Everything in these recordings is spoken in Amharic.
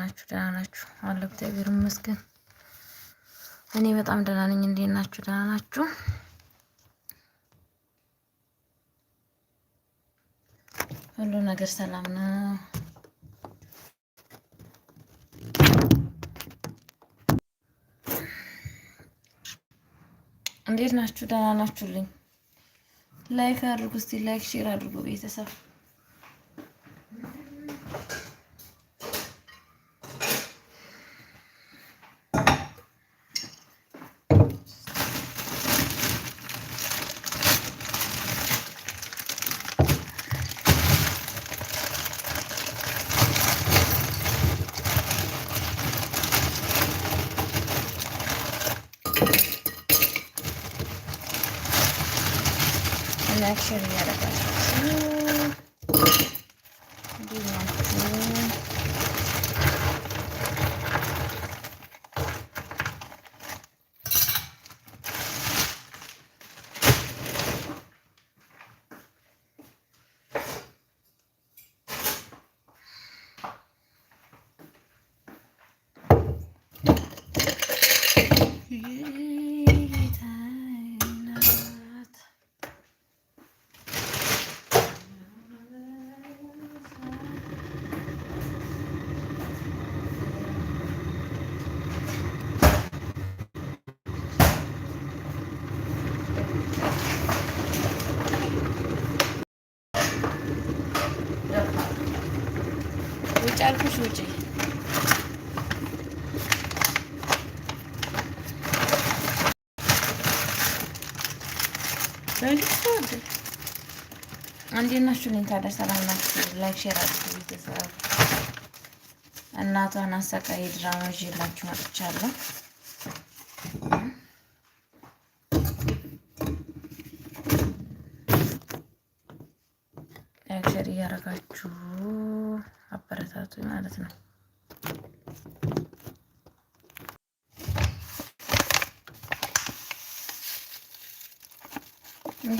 ናችሁ? ደህና ናችሁ? አለ እግዚአብሔር ይመስገን። እኔ በጣም ደህና ነኝ። እንዴት ናችሁ? ደህና ናችሁ? ሁሉ ነገር ሰላም ነው? እንዴት ናችሁ? ደህና ናችሁልኝ? ላይክ አድርጉ እስቲ፣ ላይክ ሼር አድርጉ ቤተሰብ like, share, and other እንዴት ናችሁ? እኔ ታዲያ ሰላም ናችሁ? ላይክ ሼር አድርጉ ቤተሰብ። እናቷን አሰቃይ ድራማ ይዤላችሁ መጥቻለሁ። ላይክ ሼር እያደረጋችሁ አበረታቱ ማለት ነው።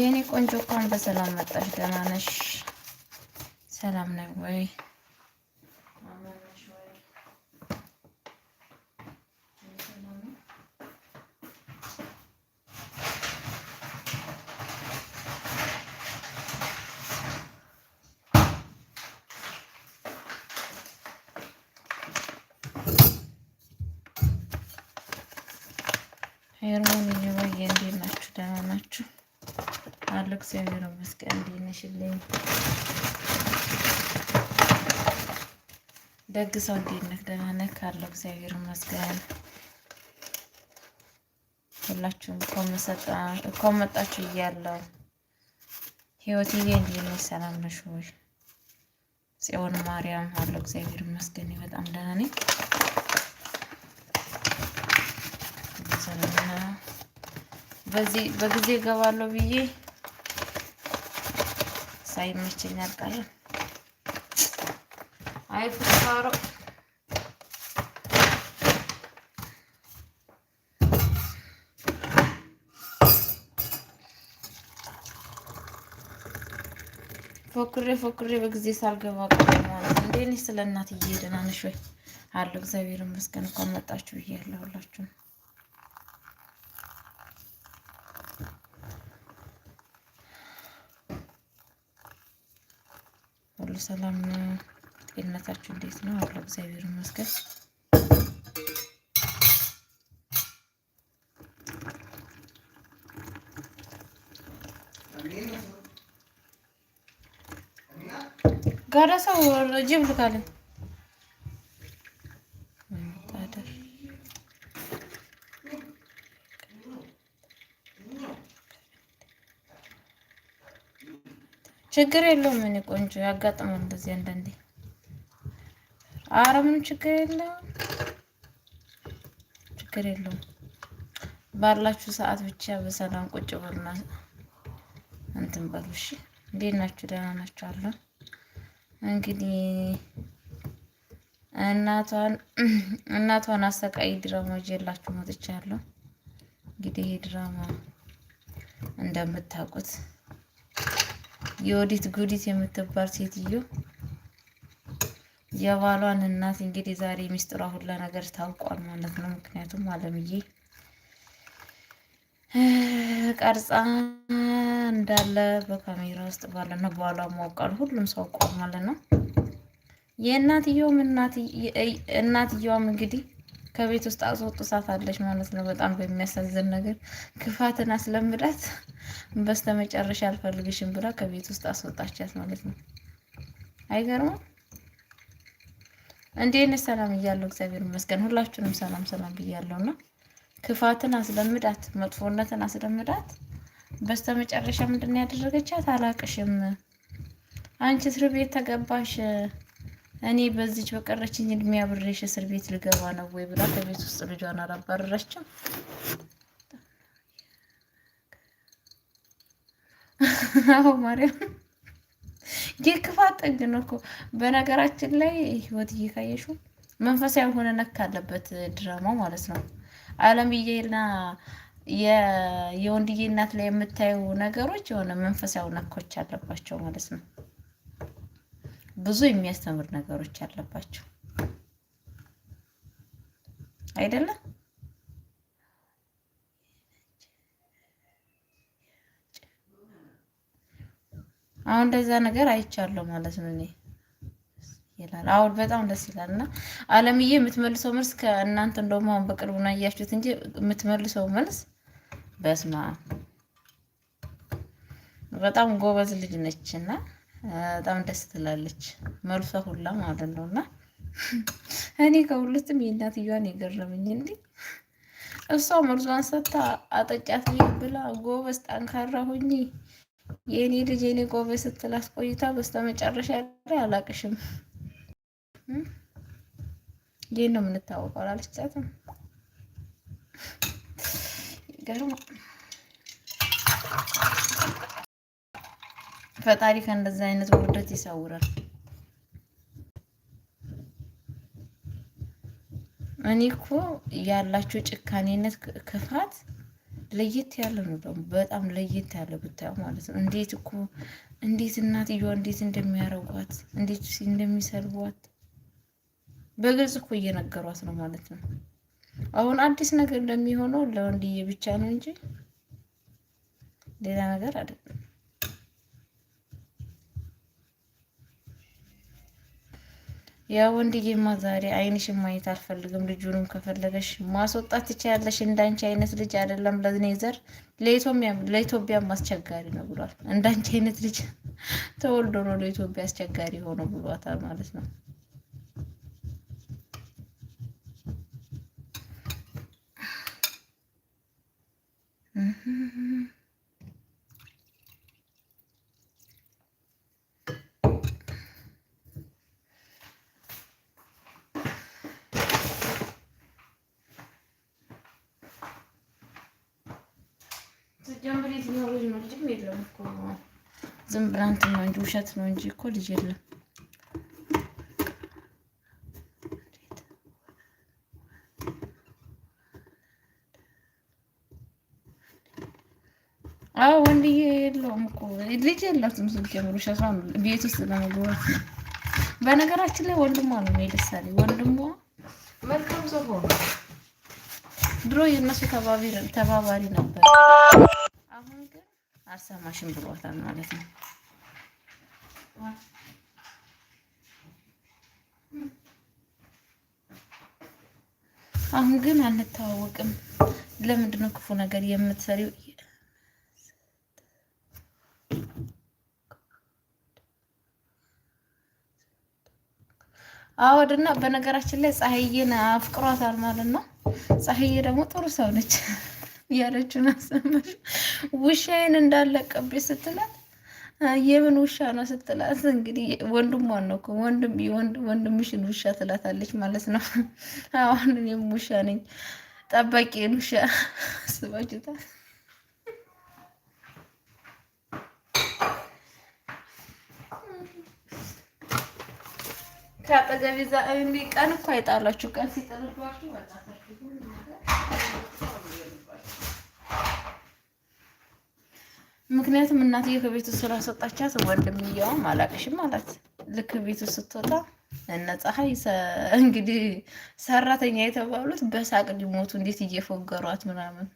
የኔ ቆንጆ እንኳን በሰላም መጣሽ። ደህና ነሽ? ሰላም ነው ወይ? ሄርሞን ይባዬ እንዴት ናችሁ? ደህና ናችሁ? አለ። እግዚአብሔር ይመስገን። እንዴት ነሽልኝ? ደግ ሰው እንዴት ነህ? ደህና ነህ? አለሁ። እግዚአብሔር ይመስገን። ሁላችሁም እኮ መጣችሁ እያለሁ ህይወትዬ፣ እንዴት ነሽ? ሰላም ነሽ ወይ? ጽዮን ማርያም አለሁ። እግዚአብሔር ይመስገን። በጣም ደህና ነኝ። በዚህ በጊዜ እገባለሁ ብዬ ሳይመቸኝ አልቀረም። አይ ፍሳሮ ፎክሬ ፎክሬ በጊዜ ሳልገባ ቀረ ማለት እንዴ። ስለ እናትዬ ደህና ነሽ ወይ? አለሁ እግዚአብሔር ይመስገን። እንኳን መጣችሁ ብዬ ያለሁላችሁ ሰላም ነው። ጤንነታችሁ እንዴት ነው? አለው እግዚአብሔር ይመስገን። ጋራ ሰው ጅብ ልካለን ችግር የለውም። እኔ ቆንጆ ያጋጥማል እንደዚህ አንዳንዴ። ኧረ ምንም ችግር የለውም፣ ችግር የለውም። ባላችሁ ሰዓት ብቻ በሰላም ቁጭ ብሉና እንትን በሉ እሺ። እንዴት ናችሁ? ደህና ናችሁ? አለ እንግዲህ እናቷን እናቷን አሰቃይ ድራማ ይዤላችሁ መጥቻለሁ። እንግዲህ ይሄ ድራማ እንደምታውቁት የወዲት ጉዲት የምትባል ሴትዮ የባሏን እናት እንግዲህ ዛሬ ሚስጥሯ ሁላ ነገር ታውቋል ማለት ነው። ምክንያቱም አለምዬ ቀርጻ እንዳለ በካሜራ ውስጥ ባለና ባሏ ማውቃል፣ ሁሉም ሰው አውቋል ማለት ነው። የእናትየውም እናትየዋም እንግዲህ ከቤት ውስጥ ሳት አለች ማለት ነው። በጣም በሚያሳዝን ነገር ክፋትን አስለምዳት በስተመጨረሻ አልፈልግሽም ብላ ከቤት ውስጥ አስወጣቻት ማለት ነው። አይገርምም? እንዴት ነሽ? ሰላም እያለሁ እግዚአብሔር ይመስገን ሁላችሁንም ሰላም ሰላም ብያለሁ። እና ክፋትን አስለምዳት፣ መጥፎነትን አስለምዳት በስተመጨረሻ ምንድን ነው ያደረገቻት? አላቅሽም አንቺ እስር ቤት ተገባሽ እኔ በዚች በቀረችኝ እድሜ አብሬሽ እስር ቤት ልገባ ነው ወይ ብላ ከቤት ውስጥ ልጇን አላባረረችም። አዎ ማርያም የክፋት ጥግ ነው እኮ በነገራችን ላይ ህይወት እየካየሽው መንፈሳዊ የሆነ ነክ አለበት ድራማው ማለት ነው። አለምዬና የወንድዬ እናት ላይ የምታዩ ነገሮች የሆነ መንፈሳዊ ነኮች አለባቸው ማለት ነው። ብዙ የሚያስተምር ነገሮች አለባቸው አይደለም? አሁን እንደዛ ነገር አይቻለሁ ማለት ነው እኔ ይላል አሁን በጣም ደስ ይላል። እና አለምዬ የምትመልሰው መልስ ከእናንተ እንደውም አሁን በቅርቡ ነው ያያችሁት እንጂ የምትመልሰው መልስ በስማ በጣም ጎበዝ ልጅ ነች እና በጣም ደስ ትላለች መልሷ ሁላ ማለት ነው። እና እኔ ከሁለትም የእናትዮዋን የገረምኝ እንዲ እሷ መርዟን ሰታ አጠጫት ብላ ጎበዝ ጠንካራ ሆኚ የእኔ ልጅ የኔ ጎበዝ ስትላት ቆይታ በስተመጨረሻ ላይ አላቅሽም ይህን ነው የምንታወቀው አላለቻትም። ገርማ ፈጣሪ ከእንደዚህ አይነት ውርደት ይሰውራል። እኔ እኮ ጭካኔነት፣ ክፋት ለየት ያለ ነው። ደግሞ በጣም ለየት ያለ ብታዩ ማለት ነው። እንዴት እኮ እንዴት እናትየዋ እንዴት እንደሚያረጓት እንዴት እንደሚሰልቧት በግልጽ እኮ እየነገሯት ነው ማለት ነው። አሁን አዲስ ነገር እንደሚሆነው ለወንድዬ ብቻ ነው እንጂ ሌላ ነገር አይደለም። ያ ወንድዬማ ዛሬ አይንሽ ማየት አልፈልግም። ልጁንም ከፈለገሽ ማስወጣት ትችያለሽ። እንዳንቺ አይነት ልጅ አይደለም ለዝኔዘር ለኢትዮጵያም አስቸጋሪ ነው ብሏል። እንዳንቺ አይነት ልጅ ተወልዶ ነው ለኢትዮጵያ አስቸጋሪ ሆኖ ብሏታል ማለት ነው። የትኛው ልጅ ነው? ልጅም የለም እኮ ዝም ብላ ነው እንጂ ውሸት ነው እንጂ እኮ ልጅ የለም። አዎ ወንድዬ የለውም እኮ ልጅ የላትም። ጀምሮ ውሸቷ ነው። ቤት ውስጥ ለመግባት ነው። በነገራችን ላይ ወንድሟ ነው የሚደሳል። ወንድሟ መልካም ሰው ሆኖ ድሮ የእነሱ ተባባሪ ነበር። ሰማሽን ብሏታል ማለት ነው። አሁን ግን አንተዋወቅም። ለምንድን ነው ክፉ ነገር የምትሰሪው? አወድና በነገራችን ላይ ፀሐይን አፍቅሯታል ማለት ነው። ፀሐይ ደግሞ ጥሩ ሰው ነች። ያረችን አሰመሽ ውሻዬን እንዳለቀብኝ ስትላት የምን ውሻ ነው ስትላት፣ እንግዲህ ወንድሟን ነው እኮ ወንድምሽን ውሻ ትላታለች ማለት ነው። አሁን እኔም ውሻ ነኝ ጠባቂን ውሻ ስባችታ ከአጠገቤ ዛ ቀን እኮ አይጣላችሁ ቀን ሲጥልባችሁ ምክንያቱም እናትዬ ከቤቱ ስላስወጣቻት ወንድምየውም አላቅሽም አላት። ልክ ቤቱ ስትወጣ እነ ፀሐይ እንግዲህ ሰራተኛ የተባሉት በሳቅ ሊሞቱ እንዴት እየፎገሯት ምናምን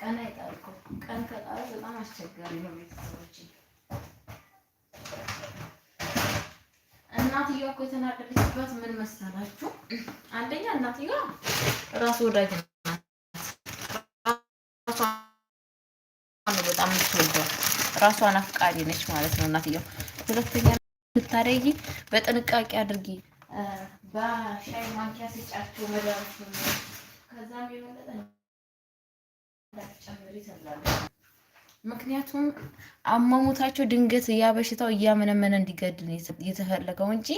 ቀን አይጣልኩ ቀን ከጣሉ በጣም አስቸጋሪ ነው። ቤተሰቦች እናትየዋ እኮ የተናደደችበት ምን መሰላችሁ? አንደኛ እናትየዋ ራስ ወዳጅ ነው። በጣም የምትወደው ራሷን አፍቃሪ ነች ማለት ነው እናትየው። ሁለተኛ ብታደርጊ በጥንቃቄ አድርጊ። በሻይ ማንኪያ ስጫቸው መዳት ከዛም የበለጠ ጨምሪ ምክንያቱም አሟሟታቸው ድንገት ያ በሽታው እያመነመነ እንዲገድል የተፈለገው እንጂ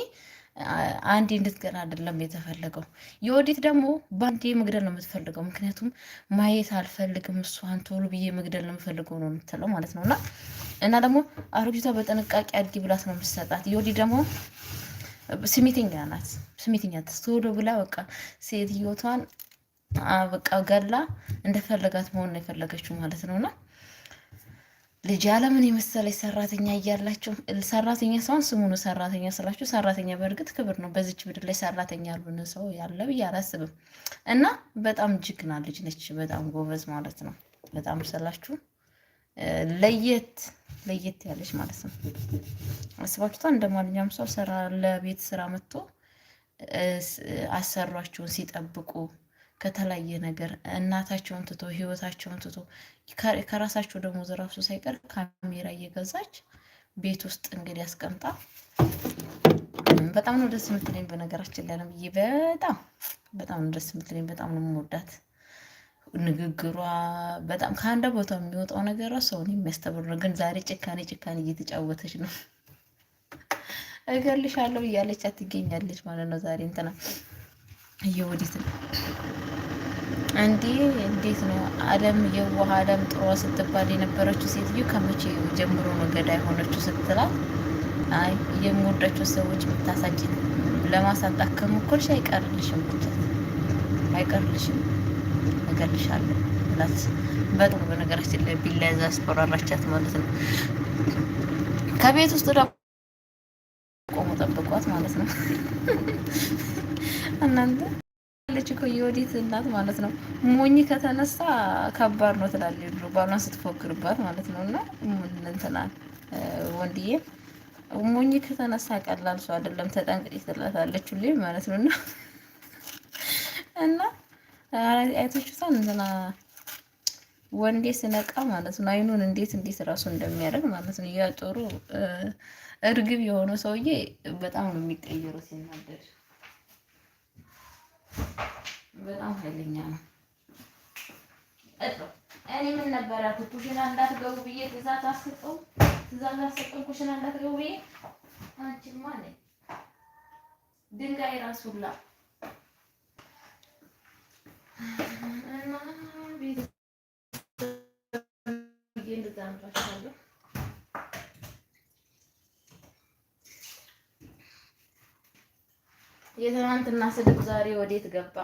አንዴ እንድትገና አይደለም የተፈለገው። የወዲት ደግሞ በአንዴ መግደል ነው የምትፈልገው። ምክንያቱም ማየት አልፈልግም እሷን ቶሎ ብዬ መግደል ነው የምፈልገው ነው የምትለው ማለት ነው። እና እና ደግሞ አሮጊቷ በጥንቃቄ አድጊ ብላት ነው የምትሰጣት። የወዲት ደግሞ ስሜተኛ ናት። ስሜተኛ ቶሎ ብላ በቃ ሴትዮቷን በቃ ገላ እንደፈለጋት መሆን ነው የፈለገችው ማለት ነው ነውና ልጅ አለምን የመሰለች ሰራተኛ እያላችሁ ሰራተኛ ሰውን ስሙኑ ሰራተኛ ስላችሁ፣ ሰራተኛ በእርግጥ ክብር ነው። በዚች ምድር ላይ ሰራተኛ ያልሆነ ሰው ያለ ብዬ አላስብም። እና በጣም ጅግና ልጅ ነች፣ በጣም ጎበዝ ማለት ነው። በጣም ስላችሁ ለየት ለየት ያለች ማለት ነው። አስባችሁታ እንደ ማንኛውም ሰው ለቤት ስራ መጥቶ አሰሯችሁን ሲጠብቁ ከተለያየ ነገር እናታቸውን ትቶ ህይወታቸውን ትቶ ከራሳቸው ደግሞ ራሱ ሳይቀር ካሜራ እየገዛች ቤት ውስጥ እንግዲህ አስቀምጣ በጣም ነው ደስ የምትለኝ። በነገራችን ላይ ነው ብዬ በጣም በጣም ነው ደስ የምትለኝ። በጣም ነው የምወዳት ንግግሯ በጣም ከአንድ ቦታ የሚወጣው ነገር ሰውን የሚያስተብር ነው። ግን ዛሬ ጭካኔ ጭካኔ እየተጫወተች ነው። እገልሻለሁ እያለቻት ትገኛለች ማለት ነው ዛሬ እንትና እየወዲት ነው እንዴ? እንዴት ነው አለም የዋህ አለም ጥሯ ስትባል የነበረችው ሴትዮ ከመቼ ጀምሮ ነው ገዳይ ሆነችው ስትላት፣ አይ የምወዳቸው ሰዎች የምታሳጭ ለማሳጣት ከሞከርሽ አይቀርልሽም፣ ብቻት አይቀርልሽም፣ እገልሻለሁ ብላት በጥሩ በነገራችን ላይ ቢላ ይዛ ያስፈራራቻት ማለት ነው። ከቤት ውስጥ ደግሞ ጠብቋት ማለት ነው። እናንተ ልጅ እኮ የወዲት እናት ማለት ነው። ሞኝ ከተነሳ ከባድ ነው ትላለች ሁሉ ባሏን ስትፎክርባት ማለት ነው። እና እንትናል ወንድዬ ሞኝ ከተነሳ ቀላል ሰው አይደለም፣ ተጠንቅቂ ትላታለች ሁሌ ማለት ነው። እና እና አይቶችታን እንትና ወንዴ ስነቃ ማለት ነው አይኑን እንዴት እንዴት እራሱ እንደሚያደርግ ማለት ነው። ያ እርግብ የሆነ ሰውዬ በጣም ነው የሚቀየሩት ሲናደድ በጣም ኃይለኛ ነው። እኔ ምን ነበር ኩሽና እንዳትገቡ ብዬ ትእዛዝ አስሰጠው ትእዛዝ አስሰጠው ኩሽና እንዳትገቡ ብዬ አንቺማ ነኝ ድንጋይ ራሱላ እና የትናንትና ስድብ ዛሬ ወዴት ገባ?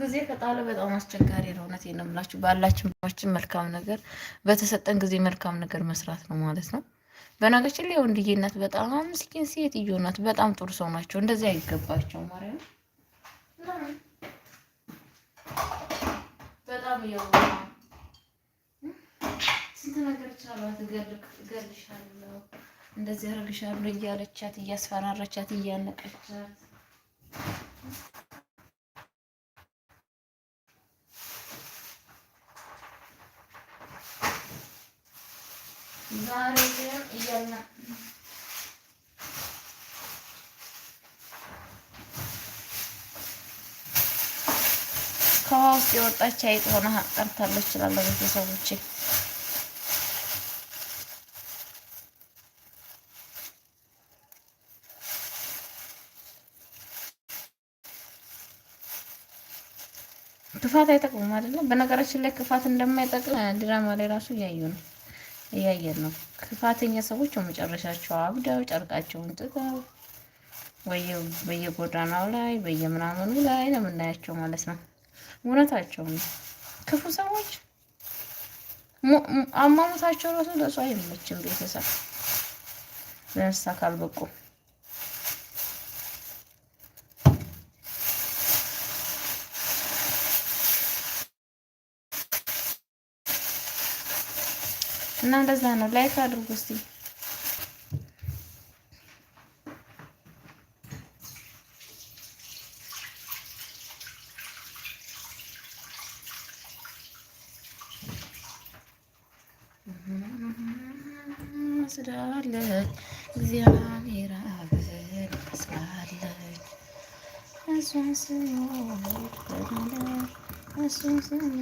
ጊዜ ከጣለ በጣም አስቸጋሪ ነው። እውነቴን ነው የምላችሁ። ባላችን ባችን መልካም ነገር በተሰጠን ጊዜ መልካም ነገር መስራት ነው ማለት ነው። በነገች ላይ ወንድዬ እናት በጣም ምስኪን ሴትዮ ናት። በጣም ጥሩ ሰው ናቸው። እንደዚህ አይገባቸው ማርያም በጣም ያው ስንት ነገር ቻሏት። እገልሻለሁ፣ እንደዚህ አርግሻለሁ እያለቻት እያስፈራረቻት እያነቀቻት ከውሃ ውስጥ የወጣች አይጥ ሆና ቀርታለች። እችላለሁ ቤተሰቦች ክፋት አይጠቅሙም አይደለም። በነገራችን ላይ ክፋት እንደማይጠቅም ድራማ ላይ ራሱ እያዩ ነው። እያየን ነው። ክፋተኛ ሰዎች መጨረሻቸው አብደው ጨርቃቸውን ጥተው በየጎዳናው ላይ በየምናምኑ ላይ ነው የምናያቸው ማለት ነው። እውነታቸው ነው። ክፉ ሰዎች አሟሟታቸው ራሱ ለሷ አይመችም። ቤተሰብ ለእንስሳ ካልበቁም እና እንደዛ ነው። ላይክ አድርጉ እስቲ ስላለች እግዚአብሔር አብን ስላለች እሱን ስኖር እሱን ስኖር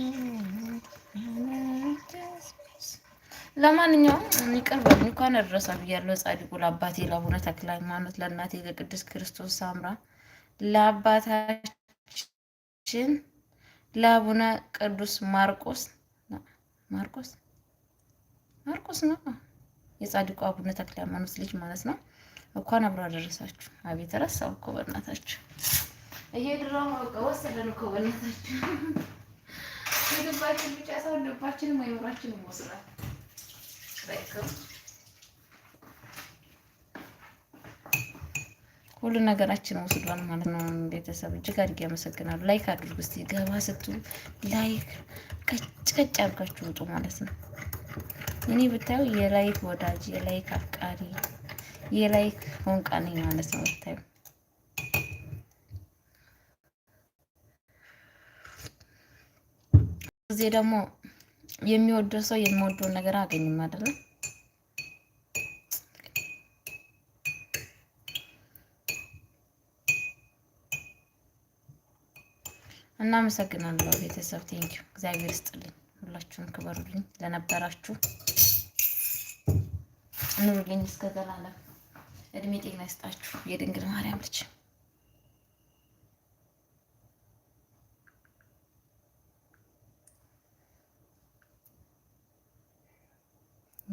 ለማንኛውም ይቅር በሉ እንኳን አደረሳ ብያለሁ። ጻድቁ ለአባቴ ለአቡነ ተክለ ሃይማኖት፣ ለእናቴ ለቅድስት ክርስቶስ ሳምራ፣ ለአባታችን ለአቡነ ቅዱስ ማርቆስ ማርቆስ ማርቆስ ነው የጻድቁ አቡነ ተክለ ሃይማኖት ልጅ ማለት ነው። እንኳን አብሮ አደረሳችሁ። አቤት ረሳሁ እኮ በእናታችሁ ይሄ ድራማ በቃ ወሰደን እኮ በእናታችሁ ልባችን ብቻ ሰው ልባችንም አይምሯችንም ወስዳል። አያስረክም። ሁሉ ነገራችን ወስዷል ማለት ነው። ቤተሰብ እጅግ አድርጌ አመሰግናለሁ። ላይክ አድርጉ እስቲ ገባ ስትሉ ላይክ ቀጭቀጭ አድርጋችሁ ውጡ ማለት ነው። እኔ ብታዩ የላይክ ወዳጅ፣ የላይክ አፍቃሪ፣ የላይክ ሆንቃኔ ማለት ነው ብታዩ እዚህ ደግሞ የሚወደው ሰው የሚወደውን ነገር አገኝም አይደለም። እናመሰግናለሁ ቤተሰብ ቴንኪው። እግዚአብሔር ይስጥልኝ። ሁላችሁም ክበሩልኝ፣ ለነበራችሁ ኑሩልኝ። እስከ ዘላለም እድሜ ጤና ይስጣችሁ። የድንግል ማርያም ልጅ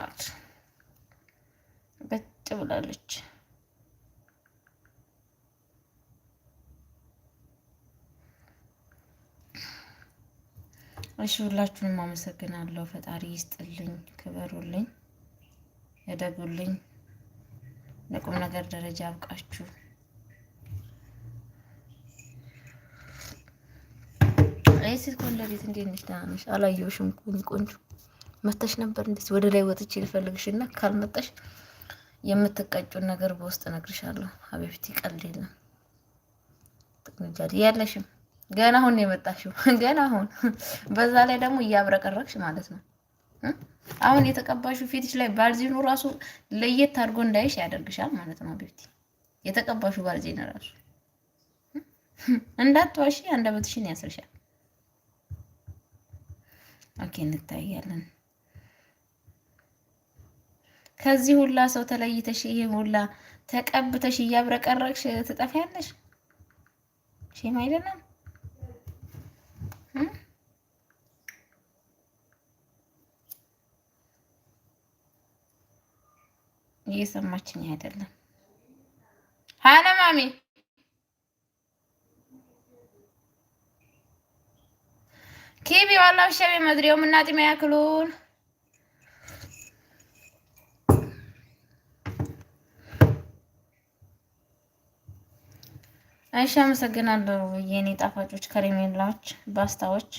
አት በጥ ብላለች። እሺ ሁላችሁንም አመሰግናለሁ። ፈጣሪ ይስጥልኝ፣ ክበሩልኝ፣ ያደጉልኝ፣ ለቁም ነገር ደረጃ አብቃችሁ። ይህ ሴት ኮንደሬት እንዴት ነሽ? ደህና ነሽ? አላየሁሽም። ቆንጆ መተሽ ነበር እንዴ? ወደ ላይ ወጥቼ ልፈልግሽ እና ካልመጣሽ የምትቀጩን ነገር በውስጥ እነግርሻለሁ። ሀቢብቲ ቀልድ የለም። ጥቅምጃል ያለሽም ገና አሁን ነው የመጣሽው። ገና አሁን በዛ ላይ ደግሞ እያብረቀረቅሽ ማለት ነው። አሁን የተቀባሽው ፊትሽ ላይ ባልዚኑ ራሱ ለየት አድርጎ እንዳይሽ ያደርግሻል ማለት ነው። ሀቢብቲ የተቀባሽው ባልዚን ራሱ እንዳትዋሺ አንደበትሽን ያስርሻል። ኦኬ እንታያለን። ከዚህ ሁላ ሰው ተለይተሽ ይሄ ሁላ ተቀብተሽ እያብረቀረቅሽ ትጠፊያለሽ። ሼም አይደለም እየሰማችኝ አይደለም? ሀለ ማሚ ኪቢ ዋላው ሸቤ መድሬው ምናጢ መያክሉን አይሻ አመሰግናለሁ። የኔ ጣፋጮች ከሬሜላዎች፣ ባስታዎች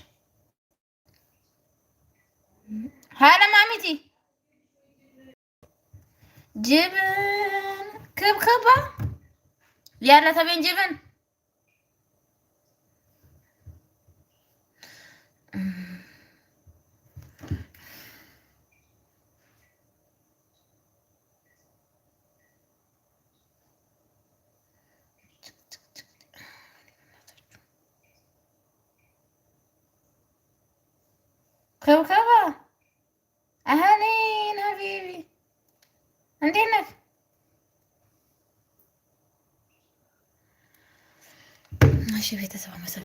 ማሚቲ ጅብን ክብክባ ያለ ተቤን ጅብን كوكبة أهلين حبيبي انتي هناك ماشي سبع مساء